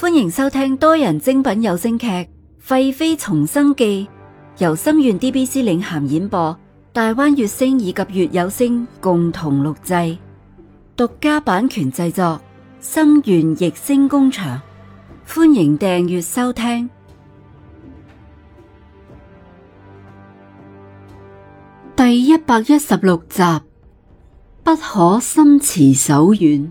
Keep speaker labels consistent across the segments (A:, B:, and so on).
A: 歡迎收聽多人精品有聲劇《廢妃重生記》，由心願 DBC 領銜演播，大灣月星以及月有聲共同錄製，獨家版權製作，心願逸聲工場。歡迎訂閱收聽第一百一十六集，不可心慈手軟。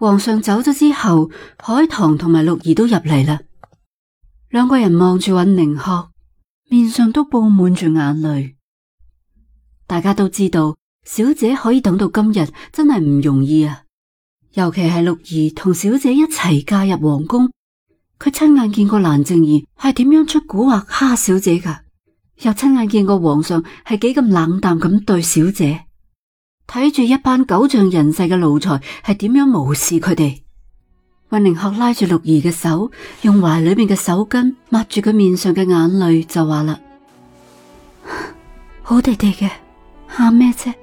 A: 皇上走咗之後，海棠同埋六兒都入嚟啦。兩個人望住尹寧鶴，面上都布滿住眼淚。大家都知道，小姐可以等到今日，真係唔容易啊。尤其係六兒同小姐一齊嫁入皇宮，佢親眼見過蘭靜儀係點樣出蠱惑蝦小姐㗎，又親眼見過皇上係幾咁冷淡咁對小姐。睇住一班狗仗人勢嘅奴才係點樣無視佢哋，雲凌鶴拉住六兒嘅手，用懷裏面嘅手巾抹住佢面上嘅眼淚就，就話啦：好地地嘅，喊咩啫？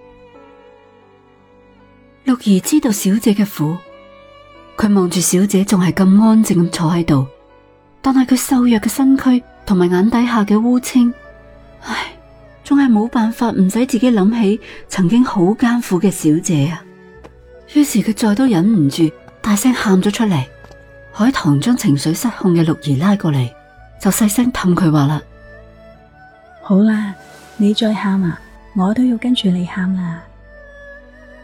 A: 六兒知道小姐嘅苦，佢望住小姐仲係咁安靜咁坐喺度，但係佢瘦弱嘅身軀同埋眼底下嘅烏青，唉。仲係冇辦法，唔使自己諗起曾經好艱苦嘅小姐啊！於是佢再都忍唔住，大聲喊咗出嚟。海棠將情緒失控嘅六兒拉過嚟，就細聲氹佢話啦：好啦，你再喊啊，我都要跟住你喊啦。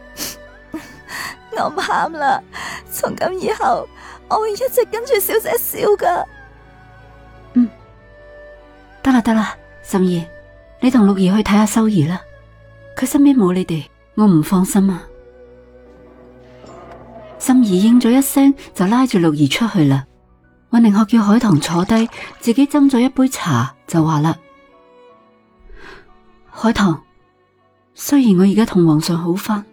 A: 我唔喊啦，從今以後我會一直跟住小姐笑噶。嗯，得啦得啦，十二。你同六兒去睇下修兒啦，佢身邊冇你哋，我唔放心啊。心儀應咗一聲，就拉住六兒出去啦。我寧學叫海棠坐低，自己斟咗一杯茶，就話啦：海棠，雖然我而家同皇上好翻，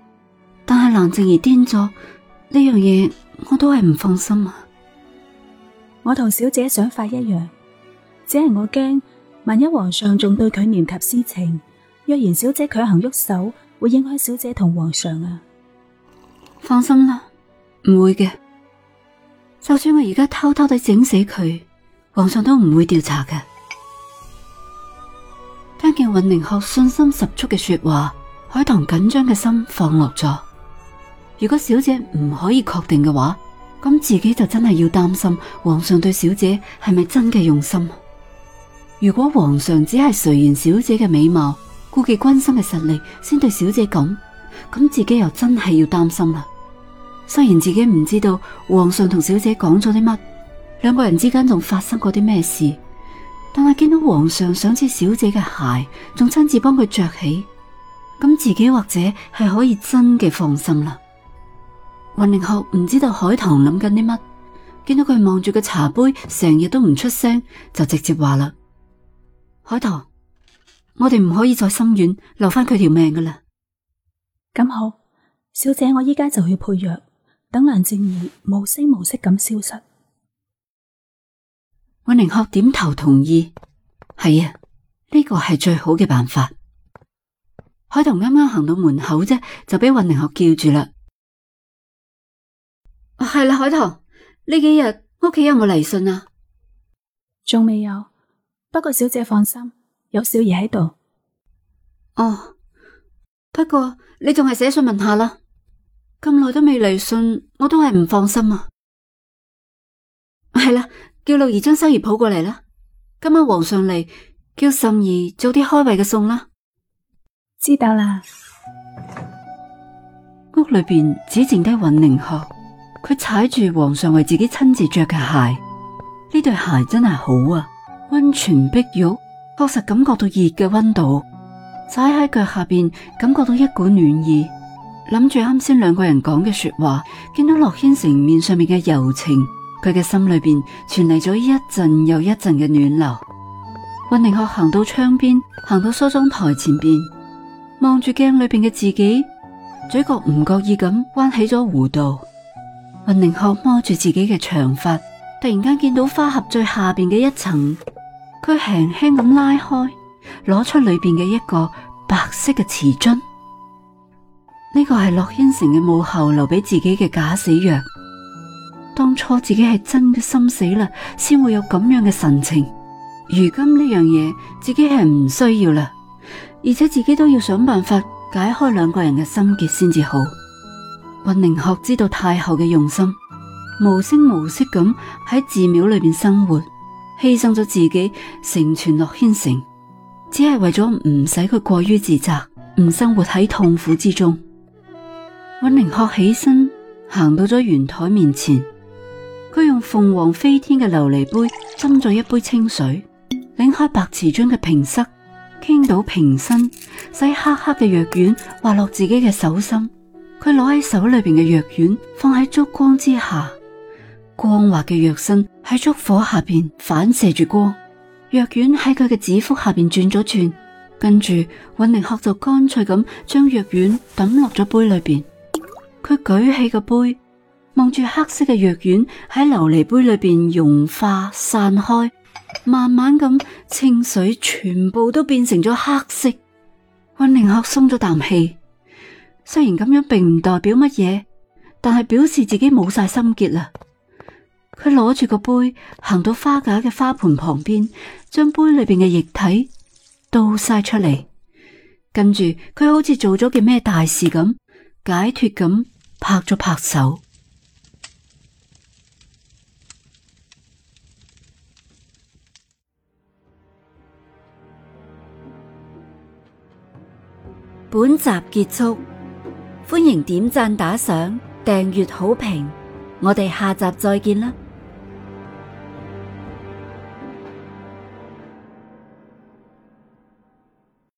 A: 但係蘭靜兒癲咗呢樣嘢，我都係唔放心啊。我同小姐想法一樣，只係我驚。萬一皇上仲對佢念及私情，若然小姐強行喐手，會影響小姐同皇上啊？放心啦，唔會嘅。就算我而家偷偷地整死佢，皇上都唔會調查嘅。聽見尹寧後信心十足嘅說話，海棠緊張嘅心放落咗。如果小姐唔可以確定嘅話，咁自己就真係要擔心皇上對小姐係咪真嘅用心。如果皇上只係垂涎小姐嘅美貌，顧忌君心嘅實力，先對小姐咁，咁自己又真係要擔心啦。雖然自己唔知道皇上同小姐講咗啲乜，兩個人之間仲發生過啲咩事，但係見到皇上想知小姐嘅鞋，仲親自幫佢着起，咁自己或者係可以真嘅放心啦。雲凌鶴唔知道海棠諗緊啲乜，見到佢望住個茶杯，成日都唔出聲，就直接話啦。海棠，我哋唔可以再心軟，留翻佢條命噶啦。咁好，小姐，我依家就去配藥，等梁靜兒無聲無息咁消失。運寧學點頭同意，係啊，呢個係最好嘅辦法。海棠啱啱行到門口啫，就俾運寧學叫住啦。係啦，海棠，呢幾日屋企有冇嚟信啊？仲未有。不過小姐放心，有小儀喺度。哦，不過你仲係寫信問下啦，咁耐都未嚟信，我都係唔放心啊。係啦，叫六兒將生兒抱過嚟啦。今晚皇上嚟，叫嬸兒做啲開胃嘅餸啦。知道啦。屋裏邊只剩低允寧鶴，佢踩住皇上為自己親自着嘅鞋，呢對鞋真係好啊。溫泉碧玉確實感覺到熱嘅溫度，踩喺腳下邊感覺到一股暖意。諗住啱先兩個人講嘅說話，見到洛軒成面上面嘅柔情，佢嘅心裏邊傳嚟咗一陣又一陣嘅暖流。運寧學行到窗邊，行到梳妝台前邊，望住鏡裏邊嘅自己，嘴角唔覺意咁彎起咗弧度。運寧學摸住自己嘅長髮，突然間見到花盒最下邊嘅一層。佢輕輕咁拉開，攞出裏邊嘅一個白色嘅瓷樽，呢、這個係駱千成嘅母后留俾自己嘅假死藥。當初自己係真嘅心死啦，先會有咁樣嘅神情。如今呢樣嘢自己係唔需要啦，而且自己都要想辦法解開兩個人嘅心結先至好。雲寧學知道太后嘅用心，無聲無息咁喺寺廟裏邊生活。犧牲咗自己，成全樂軒成，只係為咗唔使佢過於自責，唔生活喺痛苦之中。溫寧鶴起身行到咗圓台面前，佢用鳳凰飛天嘅琉璃杯斟咗一杯清水，擰開白瓷樽嘅瓶塞，傾倒瓶身，使黑黑嘅藥丸滑落自己嘅手心。佢攞喺手裏邊嘅藥丸放喺燭光之下。光滑嘅藥身喺燭火下邊反射住光，藥丸喺佢嘅指腹下邊轉咗轉，跟住溫寧鶴就乾脆咁將藥丸抌落咗杯裏邊。佢舉起個杯，望住黑色嘅藥丸喺琉璃杯裏邊融化散開，慢慢咁清水全部都變成咗黑色。溫寧鶴鬆咗啖氣，雖然咁樣並唔代表乜嘢，但係表示自己冇晒心結啦。佢攞住個杯，行到花架嘅花盆旁邊，將杯裏邊嘅液體倒晒出嚟，跟住佢好似做咗件咩大事咁解脫咁，拍咗拍手。本集結束，歡迎點讚、打賞、訂閱、好評，我哋下集再見啦！